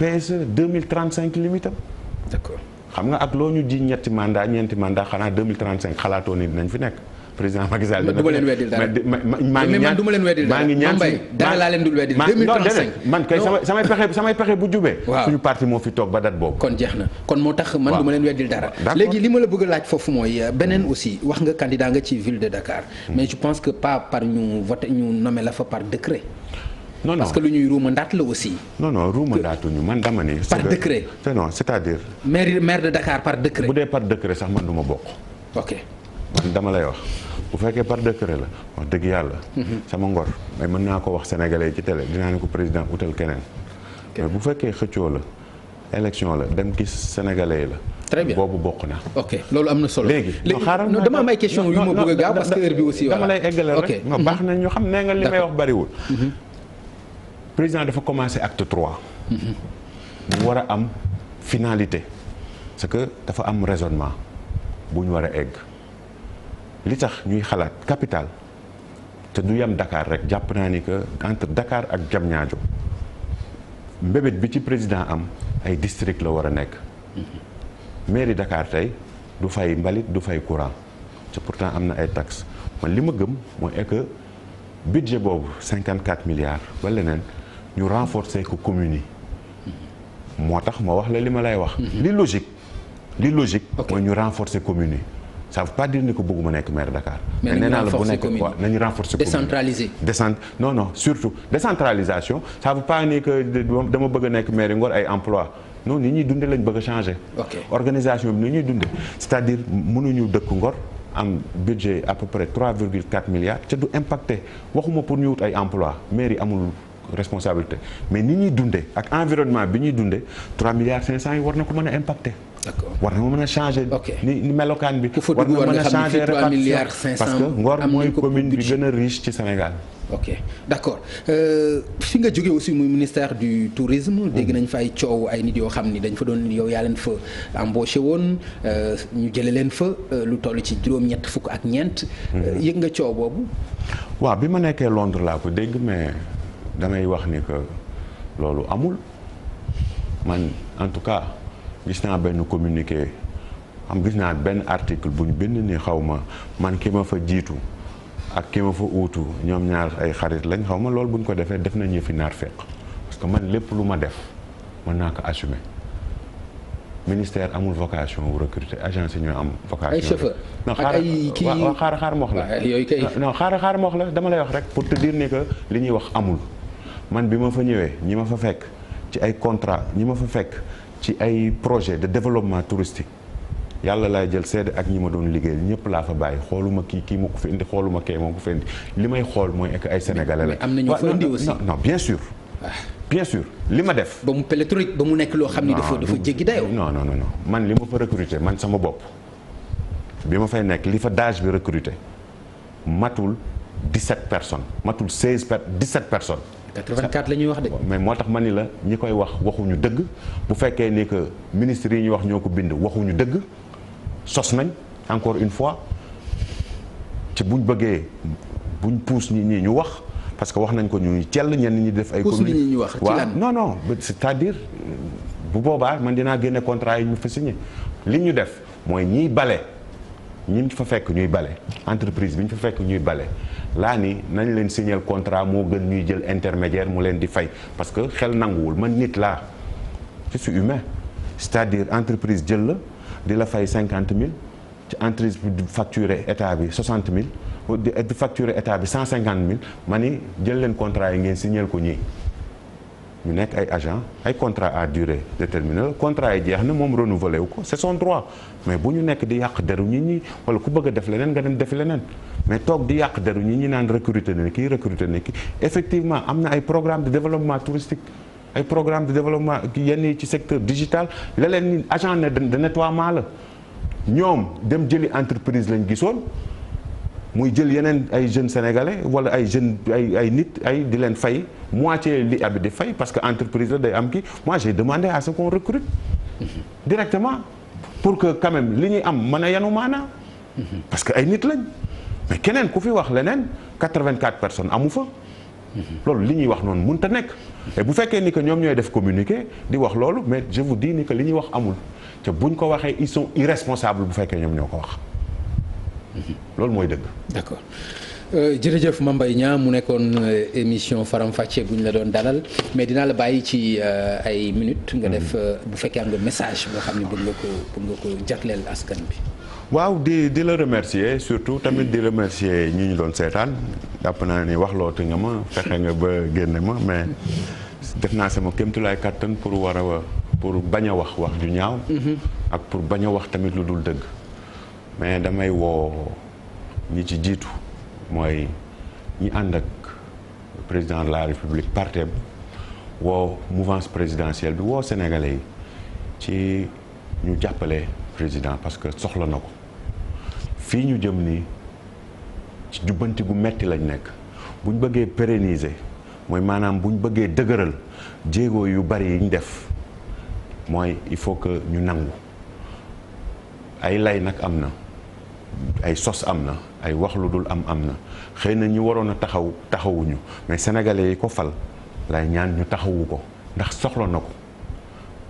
PSE 2035 limitam. d'accord xam nga ak loo ñu ji ñetti mandat ñeenti mandat xanaa 2035 xalaatoo ni dinañ fi nekk. président Macky Sall dina ko maa ngi ñaan duma ngi ñaan dara laa leen man kay samay pexe samay pexe bu jubee suñu parti moo fi toog ba date boobu kon jeex na kon moo tax man duma leen weddil dara léegi li ma la bëgg a laaj foofu mooy euh, beneen hmm. aussi wax nga candidat nga ci ville de Dakar hmm. mais je pense que pas par ñu voté ñu nommé la fa par décret non parce que lu ñuy ruumandaat la aussi. non non ruumandaatuñu man dama ni. par décret te non cest à par décret. dee par décret sax man ma bokk. ok dama lay wax bu fekkee par décret la wax dëgg yàlla. Mhm. sama ngor mais mën naa ko wax sénégalais ci télé dinaa ne ko président utal keneen. mais bu fekkee xëccoo la. la dem gis sénégalais la. très bien boobu bokk na. ok loolu am na solo léegi. xaaral dama am ay question yu ma bëgg a gaaw parce que heure bi aussi. voilà baax na ñu xam nee nga li may wax bariwul. Mhm. président dafa commencé acte trois. Mhm. mu war a am finalité. ce que dafa am raisonnement bu ñu war a egg li tax ñuy xalaat capital te du yam dakaar rek jàpp naa ni que entre dakaar ak jam ñaajo mbébét bi ci président am ay district la war a nekk. Mhm. mairie dakaar tey du fay mbalit du fay courant te pourtant am na ay tax man li ma gëm mooy est budget boobu 54 milliards ba leneen ñu renforcer ko communes yi moo tax ma wax la li ma lay wax. Mhm. li logique li logique. mooy ñu renforcer communes yi ça veut pas dire ni ko bëgguma nekk maire Dakar. mais nee naa la bu nekk quoi nañu renforcer. décentraliser décent non non surtout décentralisation ça veut pas ni que dama bëgg a nekk maire Ngor ay emploi non ni ñuy dundee lañ bëgg a changer. organisation bi ni ñuy dundee c'est-à-dire mënuñu dëkk Ngor. am budget à peu près 3,4 milliards ca du impacté waxuma pour ñu wut ay emploi mais amul responsabilité mais ni ñuy dundee ak environnement bi ñuy dundee 3 milliards 500 yi war na ko mën a impacté war na mën a changer. ni melokaan bi. war na mën a changer répartition parce que Ngor mooy commune bi gën a riche ci Sénégal. ok accord euh, fi nga jógee aussi muy ministère du tourisme. dégg mm. nañ fa ay coow ay nit yoo xam ni dañ fa doon yow yaa leen fa embauché woon euh, ñu jëlee leen fa euh, lu toll ci juróom-ñett fukk ak ñeent. Mm-hmm. yëg nga coow boobu. waa bi ma nekkee Londres laa ko dégg mais damay wax ni loolu amul man en tout cas. gis naa benn communiqué am gis naa benn article buñ benn bind ni xaw man ki ma fa jiitu ak ki ma fa uutu ñoom ñaar ay xarit lañ xaw ma loolu bu ñu ko defee def nañu fi naar fekk parce que man lépp lu ma def mën naa ko assumé ministère amul vocation wu recruter agence yi ñoo am. vocation ay chauffeur ak ay kii xaar xaar moox la. yooyu kay non la dama lay wax rek pour te dire ni que li ñuy wax amul man bi ma fa ñëwee ñi ma fa fekk ci ay contrat ñi ma fa fekk. ci ay projet de développement touristique yàlla laay jël seede ak ñi ma doon liggéey ñëpp laa fa bàyyi xooluma kii kii ma ko fi indi xooluma kee moo ko fi indi li may xool mooy que ay sénégalais la. am na ñu fa indi aussi non bien sûr. li ma def. ba mu pléthorique ba mu nekk loo xam ni dafa dafa jéggi dayoo. non man li ma fa recruter man sama bopp bi ma fay nekk li fa dage bi recruter matul 17 personnes matul 16 per 17 personnes. 84 la ñuy wax de. mais moo tax ma ni la ñi koy wax waxuñu dëgg bu fekkee ni que ministre yi ñu wax ñoo ko bind waxuñu dëgg sos nañ encore une fois ci buñ bëggee buñ puus nit ñi ñu wax parce que wax nañ ko ñuy cell ñenn ñi def ay. puus nit ñi ñu wax ci lan non non c'est-à-dire bu boobaa man dinaa génne contrat yi ñu fa signé li ñu def mooy ñiy bale ñi fa fekk ñuy bale entreprise bi ñu fa fekk ñuy bale. laa ni nañ leen signer contrat moo gën ñuy jël intermédiaire mu leen di fay parce que xel nanguwul man nit laa je suis humain cest à entreprise jël la di la fay cinquante mille ci entreprise bi di facturer état bi soixante mille di facturer état bi cent cinquante mille ma ni jël leen contrat yi ngeen signer ko ñii ñu nekk ay agent ay contrat à durée déterminée contrat yi jeex na moom renouvelé wu ko c'est son mais bu ñu nekk di yàq deru nit ñi wala ku bëgg a def leneen nga dem def leneen mais toog di yàq deru nit ñi naan recruter na kii recruter na kii effectivement am na ay programme de développement touristique ay programme de développement yenn yi ci secteur digital la leen agent de nettoiement la ñoom dem jëli entreprise lañ gisoon muy jël yeneen ay jeunes sénégalais wala ay jeunes ay ay nit ay di leen fay moitié li abi di fay parce que entreprise la day am kii moi j'ai demandé à ce qu'on recrute directement pour que quand li ñuy am man a yenu maanaa parce que ay nit lañ mais keneen ku fi wax leneen 84 personnes amu fa loolu li ñuy wax noonu mënut a nekk et bu fekkee ni que ñoom ñooy def communiqué di wax loolu mais je vous dis ni li ñuy wax amul te ñu ko waxee ils sont bu fekkee ñoom ñoo ko wax loolu mooy dëgg. d'accord euh, jërëjëf Mame Mbaye Niang mu nekkoon euh, émission faramfàccee bu ñu la doon dalal mais dinaa la bàyyi ci euh, ay minutes. nga def mhm. bu fekkee am nga message boo xam ne bëgg nga ko bëgg nga askan bi. waaw di di la remercier surtout tamit di remercier ñu ñu doon seetaan jàpp naa ni waxlootu nga ma fexe nga ba génne ma mais def naa sama kéemtulaay kàttan pour war a pour bañ a wax wax ju ñaaw. Mhm. ak pour bañ a wax tamit lu dul dëgg. mais damay woo ñi ci jiitu mooy ñi ànd ak président de la république partem woo mouvence présidentielle bi woo sénégalais yi ci ñu jàppale président parce que soxla na ko fii ñu jëm nii ci jubbanti gu metti lañ nekk buñ bëggee pérenniser mooy maanaam buñ bëggee dëgëral jéego yu bari yi ñu def mooy il faut que ñu nangu ay lay nag am na ay sos am na ay wax lu dul am am na xëy na ñu waroon a taxaw taxawuñu mais sénégalais yi ko fal lay ñaan ñu taxawu ko ndax soxla na ko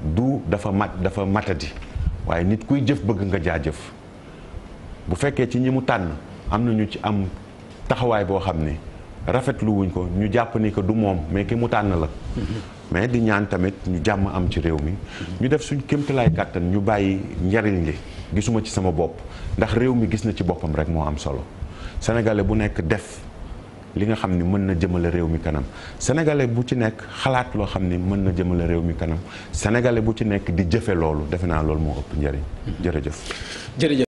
du dafa mat dafa matadi waaye nit kuy jëf bëgg nga jaajëf bu fekkee ci ñi mu tànn am na ñu ci am taxawaay boo xam ne rafetlu wuñ ko ñu jàpp ni que du moom mais ki mu tànn la. Mm-hmm. mais di ñaan tamit ñu jàmm am ci réew mi. Mm-hmm. ñu def suñ kéemtalaay kàttan ñu bàyyi njariñ li. gisuma ci sama bopp ndax réew mi gis na ci boppam rek moo am solo sénégalais bu nekk def li nga xam ni mën na jëmale réew mi kanam sénégalais bu ci nekk xalaat loo xam ni mën na jëmale réew mi kanam sénégalais bu ci nekk di jëfe loolu defe naa loolu moo ëpp njëriñ jërëjëf